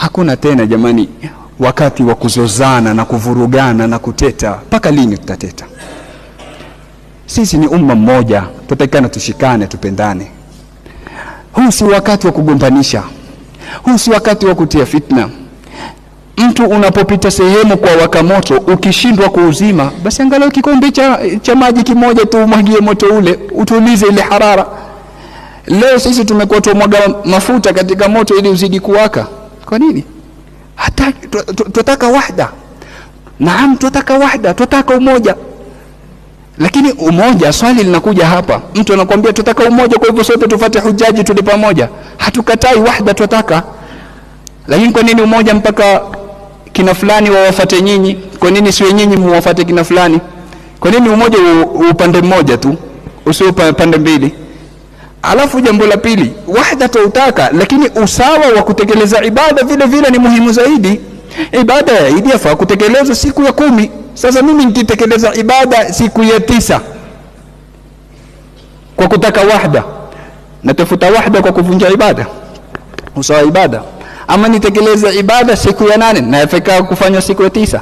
Hakuna tena jamani, wakati wa kuzozana na kuvurugana na kuteta. Mpaka lini tutateta? Sisi ni umma mmoja, tunatakikana tushikane, tupendane. Huu si wakati wa kugombanisha, huu si wakati wa kutia fitna. Mtu unapopita sehemu kwa waka moto, ukishindwa kuuzima, basi angalau kikombe cha, cha maji kimoja tu umwagie moto ule, utulize ile harara. Leo sisi tumekuwa tumwaga mafuta katika moto ili uzidi kuwaka. Kwa nini? Hataki tunataka wahda. Naam, tunataka wahda, tunataka umoja. Lakini umoja, swali linakuja hapa, mtu anakuambia tunataka umoja, kwa hivyo sote tufuate hujaji, tuli pamoja. Hatukatai wahda, tunataka lakini kwa nini umoja mpaka kina fulani wawafate nyinyi? Kwa nini siwe nyinyi muwafate kina fulani? Kwa nini umoja upande mmoja tu usio pande mbili? Alafu jambo la pili, wahda tautaka, lakini usawa wa kutekeleza ibada vile vile ni muhimu zaidi. Ibada ya Idi yafaa kutekelezwa siku ya kumi. Sasa mimi nikitekeleza ibada siku ya tisa kwa kutaka wahda, natafuta wahda kwa kuvunja ibada, usawa ibada, ama nitekeleza ibada siku ya nane nayafika kufanya siku ya tisa.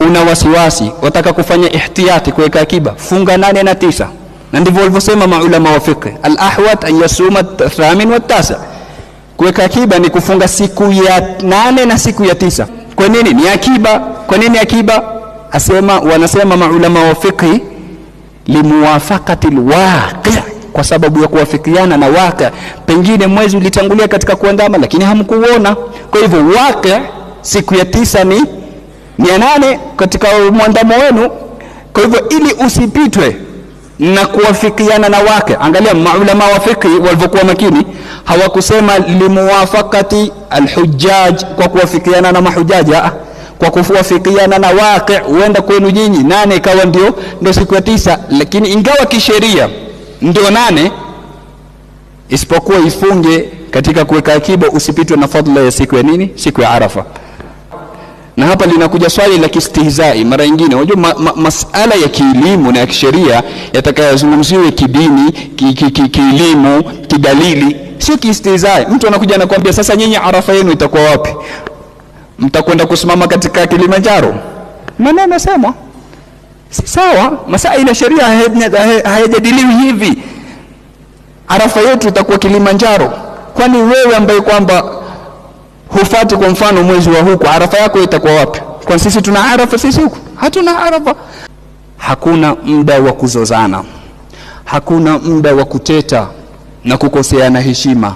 Una wasiwasi, wataka kufanya ihtiyati, kuweka akiba, funga nane na tisa na ndivyo walivyosema maulama wa fiqh al-ahwat an yasuma thamin wa tasa kuweka akiba ni kufunga siku ya nane na siku ya tisa kwa nini ni akiba kwa nini akiba asema wanasema maulama wa fiqh limuwafaqati alwaqi kwa sababu ya kuwafikiana na waqi pengine mwezi ulitangulia katika kuandama lakini hamkuona kwa hivyo waqi siku ya tisa ni ni nane katika mwandamo wenu kwa hivyo ili usipitwe na kuwafikiana na wake. Angalia maulama wa fiqh walivyokuwa makini, hawakusema limuwafakati alhujaj kwa kuwafikiana na mahujaja, kwa kuwafikiana na wake. huenda kwenu nyinyi nane ikawa ndio ndio siku ya tisa, lakini ingawa kisheria ndio nane, isipokuwa ifunge katika kuweka akiba, usipitwe na fadhila ya siku ya nini, siku ya Arafa na hapa linakuja swali la kistihzai mara nyingine. Unajua ma, ma, masala ya kielimu na ya kisheria yatakayozungumziwe kidini, ki, ki, ki, kielimu, kidalili, sio kistihzai. Mtu anakuja anakuambia, sasa nyinyi arafa yenu itakuwa wapi? Mtakwenda kusimama katika Kilimanjaro? Maneno yanasemwa si sawa. Masaa ya sheria hayajadiliwi hivi. Arafa yetu itakuwa Kilimanjaro? Kwani wewe ambaye kwamba hufati. Kwa mfano mwezi wa huku, arafa yako itakuwa wapi? Kwa sisi tuna arafa, sisi huku hatuna arafa. Hakuna muda wa kuzozana, hakuna muda wa kuteta na kukoseana heshima.